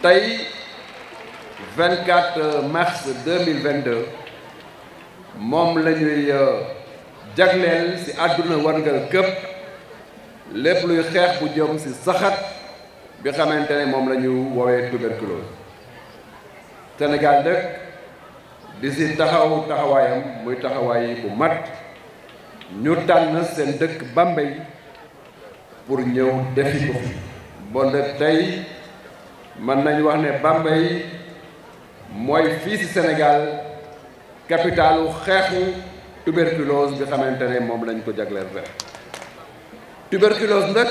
tey 24 mars 2022 moom la ñuy euh, jagleel ci àdduna warngal këpp lépp luy xeex bu jëm ci saxat bi xamante ne moom lañu ñu woowee tuberculose Sénégal dëkk di ci taxaw taxawaayam muy taxawaay bu mat ñu tànn seen dëkk Bambey pour ñëw defi ko bon tey mën nañu wax ne Bambey mooy fii ci Sénégal capitalu xeexu tuberculose bi xamante ne moom lañu ko jagleel rek tuberculose nag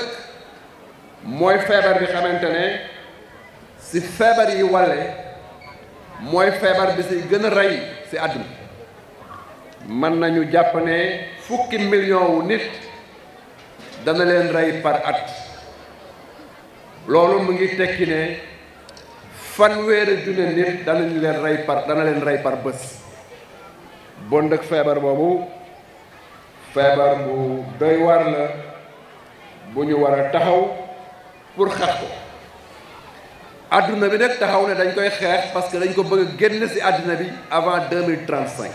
mooy feebar bi xamante ne ci feebar yi wàlle mooy feebar bi ci gën a rey ci àdduna mën nañu jàpp ne fukki million wu nit dana leen rey par at loolu mu ngi tekki ne fanweeri junne nit danañu leen rey par dana leen rey par bës bon dëkk feebar boobu feebar bu doy war la bu ñu war taxaw pour xeex ko àdduna bi nag taxaw ne dañ koy xeex parce que dañ ko bëgg génn ci àdduna bi avant deux mille trente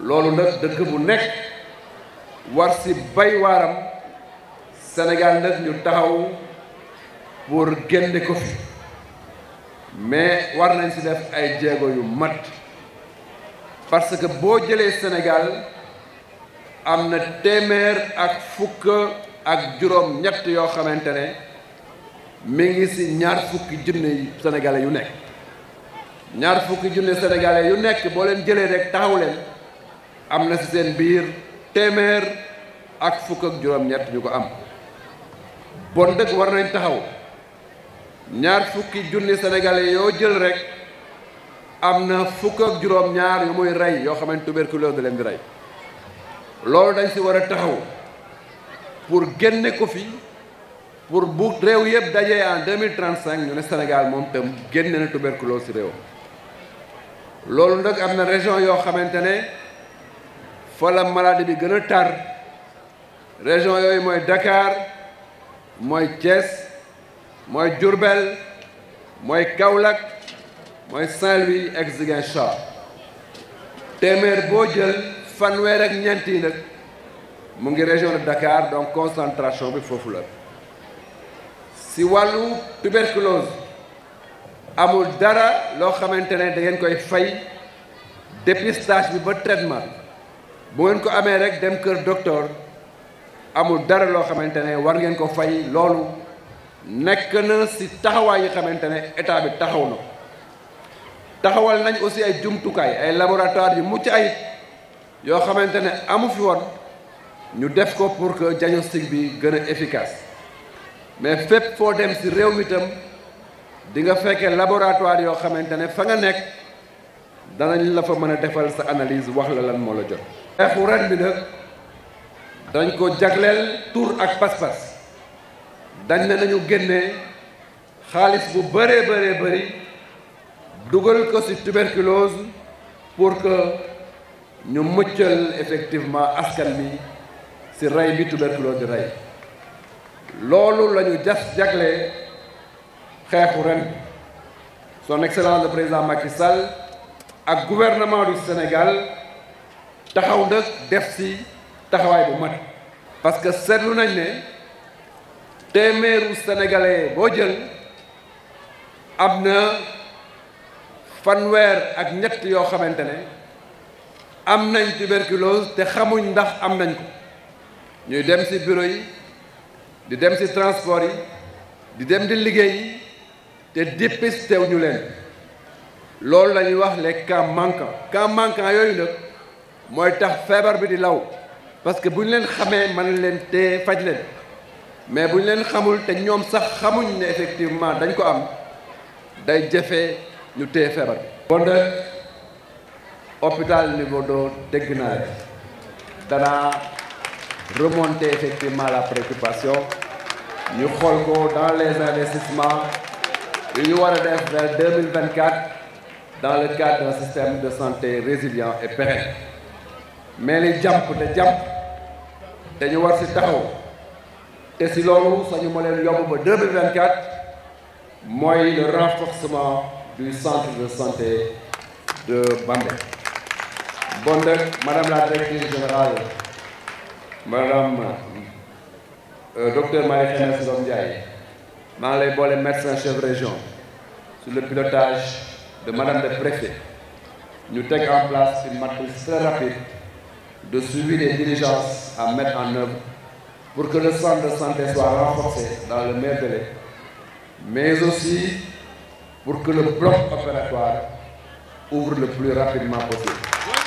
loolu nag dëkk bu nekk war ci bay waram senegal nag ñu taxaw pour génne ko fi. mais war nañ ci def ay jéego yu mat parce que boo jëlee Sénégal am na téeméer ak fukk ak juróom ñett yoo xamante ne mi ngi ci ñaar fukki junne sénégalais yu nekk ñaar fukki junne sénégalais yu nekk boo leen jëlee rek taxaw leen am na ci seen biir téeméer ak fukk ak juróom ñett ñu ko am bon dëgg war nañ taxaw ñaar fukki junni sénégalais yoo jël rek am na fukk ak juróom-ñaar yu muy rey yoo xamante tuberculose da leen di rey loolu dañ si war a taxaw pour génne ko fi pour bu réew yëpp dajee en deux mille trente cinq ñu ne moom tam génne na tuberculose si réew loolu nag am na région yoo xamante ne fa la maladie bi gën a tar région yooyu mooy Dakar mooy Thiès. mooy Diourbel mooy Kaolack mooy Saint-Louis ak Ziguinchor téeméer boo jël fanwee rek ñeent yi mu ngi région de Dakar donc concentration bi foofu la si wàllu tuberculose amul dara loo xamante ne da ngeen koy fay dépistage bi ba traitement bu ngeen ko amee rek dem kër docteur amul dara loo xamante ne war ngeen ko fay loolu nekk na si taxawaay yi xamante ne état bi taxaw na taxawal nañ aussi ay jumtukaay ay laboratoire yu mucc ayib yoo xamante ne amu fi woon ñu def ko pour que diagnostic bi gën a efficace mais fépp foo dem si réew mi itam di nga fekkee laboratoire yoo xamante ne fa nga nekk danañ la fa mën a defal sa analyse wax la lan moo la jot xeexu ren bi nag dañ ko jagleel tur ak pas-pas dañ ne nañu génne xaalis bu bëree bëree bari dugal ko ci tuberculose pour que ñu muccal effectivement askan bi ci rey bi tuberculose di rey loolu la ñu jas jaglee xeexu ren son excellence le président Macky Sall ak gouvernement du Sénégal taxaw nag def ci taxawaay bu mat parce seetlu nañ ne téeméeru sénégalais boo jël am na fanweer ak ñett yoo xamante ne am nañ tuberculose te xamuñ ndax am nañ ko ñuy dem ci bureau yi di dem ci transport yi di dem di liggéey yi te dépisté wu ñu leen loolu la ñuy wax les cas manquants yooyu nag mooy tax feebar bi di law parce que bu ñu leen xamee mën leen te faj leen mais bu ñu leen xamul te ñoom sax xamuñ ne effectivement dañ ko am day jafe ñu téye feebar bi. bon nag hôpital Livaudou dégg naa danaa remonter effectivement la préoccupation ñu xool ko dans les investissements yu ñu war a def vers deux dans le cadre d'un système de santé résilient et pérenne mais de jàmp te jàmp war si taxaw. te si loolu sañu ma leen yomb ba 2024 mooy le renforcement du centre de santé de Bambey bon madame la directrice générale madame euh, docteur Marie Khemesse Ngom Ndiaye maa ngi lay boole médecin chef région sur le pilotage de madame le préfet ñu teg en place une matrice très rapide de suivi des diligences à mettre en œuvre pour que le centre de santé soit renforcé dans le meilleur délai, mais aussi pour que le bloc opératoire ouvre le plus rapidement possible.